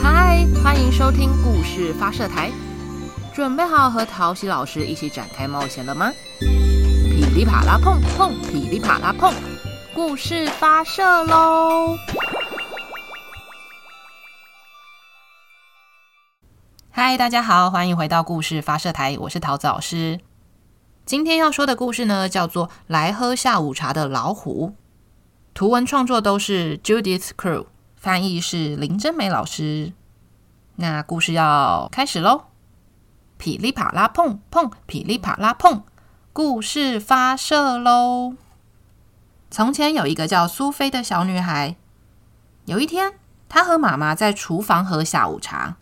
嗨，歡迎收聽故事發射台，準備好和陶喜老師一起展開冒險了嗎？噼里啪啦碰碰，噼里啪啦碰，故事發射嘍！嗨，大家好，歡迎回到故事發射台，我是桃子老師。今天要說的故事呢，叫做《來喝下午茶的老虎》。圖文創作都是 Judith Kerr。翻譯是林真美老師。那故事要開始嘍！噼里啪啦砰砰，噼里啪啦砰，故事發射嘍！從前有一個叫蘇菲的小女孩。有一天，她和媽媽在廚房喝下午茶，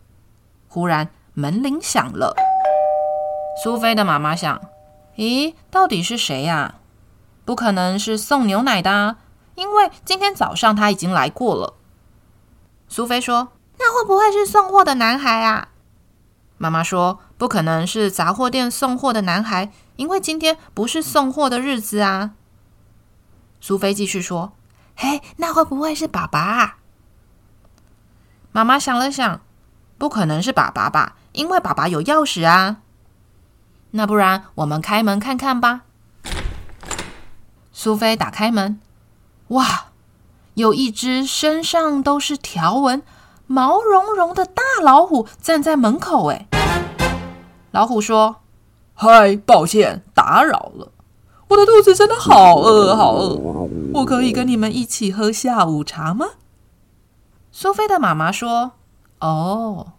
忽然門鈴響了。蘇菲的媽媽想：“咦，到底是誰呀？不可能是送牛奶的，因為今天早上她已經來過了。”蘇菲說：“那會不會是送貨的男孩啊？”媽媽說：“不可能是雜貨店送貨的男孩，因為今天不是送貨的日子啊。”蘇菲繼續說：“嘿，那會不會是爸爸啊？”媽媽想了想：“不可能是爸爸吧，因為爸爸有鑰匙啊，”那不然我們開門看看吧。蘇菲打開門，哇！有一隻身上都是條紋、毛茸茸的大老虎站在門口。哎，老虎說：“嗨，抱歉打擾了，我的肚子真的好餓，好餓，我可以跟你們一起喝下午茶嗎？”蘇菲的媽媽說：“哦，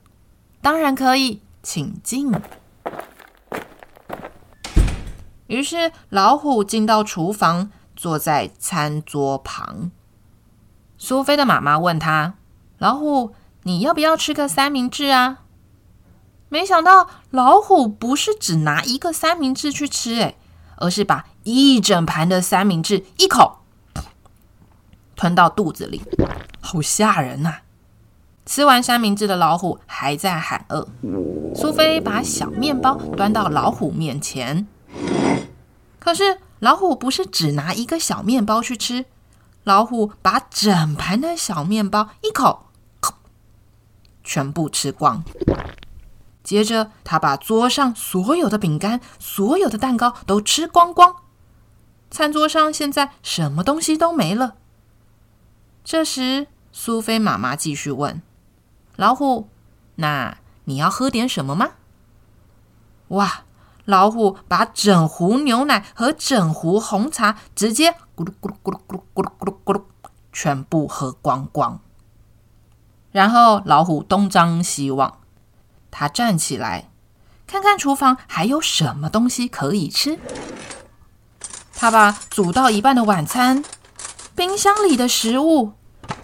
當然可以，請進。”於是老虎進到廚房，坐在餐桌旁。蘇菲的媽媽問她：“老虎，你要不要吃個三明治啊？”沒想到老虎不是只拿一個三明治去吃，欸，誒，而是把一整盤的三明治一口吞到肚子裡，好嚇人吶，啊！吃完三明治的老虎還在喊餓。蘇菲把小麵包端到老虎面前，可是老虎不是只拿一個小麵包去吃。老虎把整盤的小麵包一口全部吃光，接着他把桌上所有的餅乾、所有的蛋糕都吃光光。餐桌上現在什麼東西都沒了。這時，蘇菲媽媽繼續問老虎：“那你要喝點什麼嗎？”哇！老虎把整壺牛奶和整壺紅茶直接咕嚕咕嚕咕嚕咕嚕咕嚕咕嚕全部喝光光。然後老虎東張西望，他站起來看看廚房還有什麼東西可以吃。他把煮到一半的晚餐、冰箱裡的食物、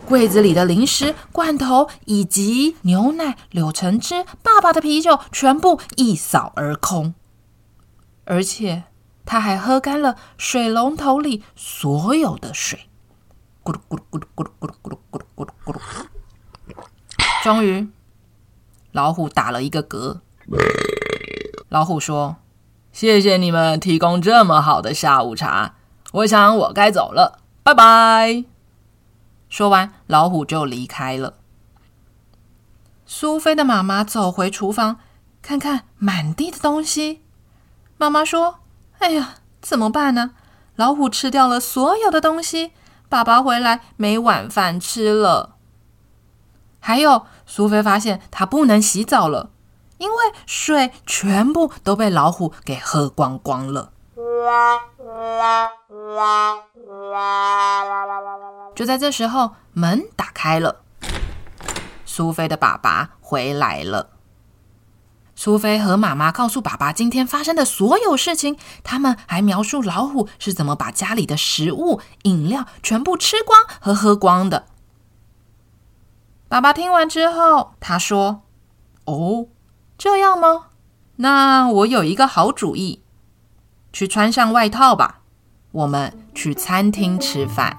櫃子裡的零食、罐頭以及牛奶、柳橙汁、爸爸的啤酒全部一掃而空。而且他還喝乾了水龍頭裡所有的水。咕嚕咕嚕咕嚕咕嚕咕嚕咕嚕咕嚕咕嚕，咕嚕，咕嚕，咕嚕。終於，老虎打了一個嗝。老虎說：“謝謝你們提供這麼好的下午茶，我想我該走了，拜拜。”說完，老虎就離開了。蘇菲的媽媽走回廚房，看看滿地的東西。媽媽說：“哎呀，怎麼辦呢？老虎吃掉了所有的東西，爸爸回來沒晚飯吃了。還有，蘇菲發現她不能洗澡了，因為水全部都被老虎給喝光光了。”就在這時候，門打開了，蘇菲的爸爸回來了。蘇菲和媽媽告訴爸爸今天發生的所有事情。他們還描述老虎是怎麼把家裡的食物、飲料全部吃光和喝光的。爸爸聽完之後，他說：“哦，這樣嗎？那我有一個好主意，去穿上外套吧，我們去餐廳吃飯。”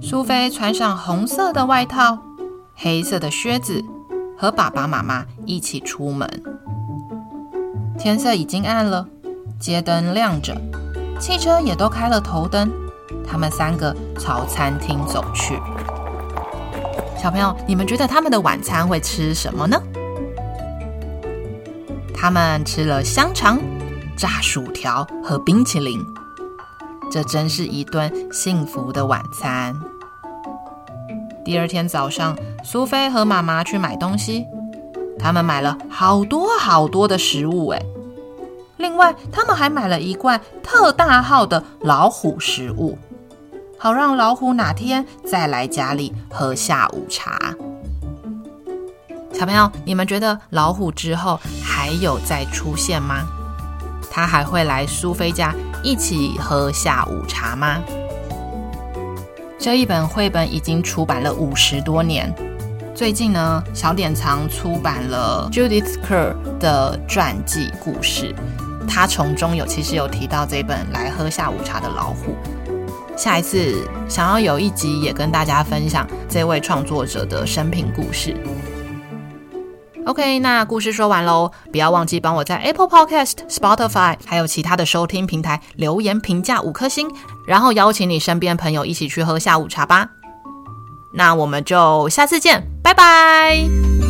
蘇菲穿上紅色的外套、黑色的靴子和爸爸媽媽一起出門，天色已經暗了，街燈亮着，汽車也都開了頭燈。他們三個朝餐廳走去。小朋友，你們覺得他們的晚餐會吃什麼呢？他們吃了香腸、炸薯條和冰淇淋。這真是一頓幸福的晚餐。第二天早上，蘇菲和媽媽去買東西。他們買了好多好多的食物，誒，另外他們還買了一罐特大號的老虎食物，好讓老虎哪天再來家裡喝下午茶。小朋友，你們覺得老虎之後還有再出現嗎？他還會來蘇菲家一起喝下午茶嗎？這一本繪本已經出版了五十多年。最近呢，小典藏出版了 Judith Kerr 的傳記故事，她從中有其實有提到這本《來喝下午茶的老虎》。下一次想要有一集也跟大家分享這位創作者的生平故事。OK，那故事說完嘍，不要忘記幫我在 Apple Podcast、Spotify 還有其他的收聽平台留言評價五顆星，然後邀請你身邊朋友一起去喝下午茶吧。那我們就下次見，拜拜。